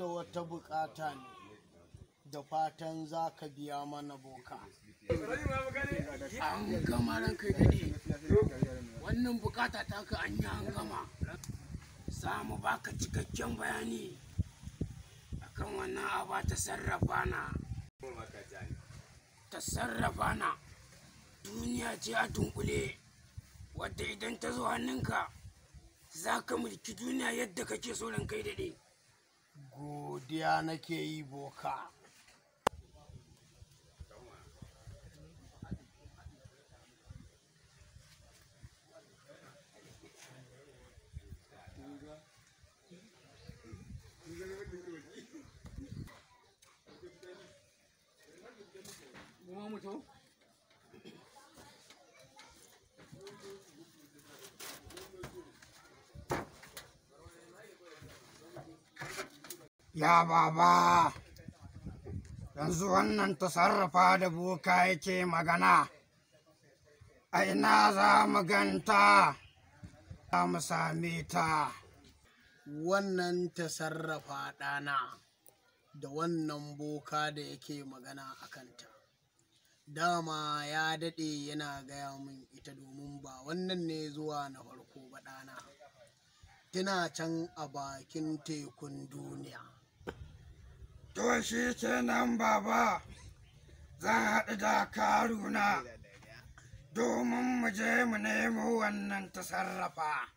da wata bukata ne da fatan za ka biya mana boka an gama ranka daɗe wannan bukata ta ka an yi an gama za mu baka cikakken bayani akan wannan aba ta sarrafa na ta sarrafa na duniya ce a dunkule wadda idan ta zo hannunka za ka mulki duniya yadda kake so kai daɗe godiya nake yi boka Vamos, ya baba yanzu wannan tasarrafa da boka yake magana a ina za mu ganta za mu same ta wannan tasarrafa ɗana da wannan boka da yake magana a kanta dama ya daɗe yana gaya min ita domin ba wannan ne zuwa na farko ba ɗana tana can a bakin tekun duniya to shi nan baba zan haɗu da karuna domin mu je mu nemo wannan ta sarrafa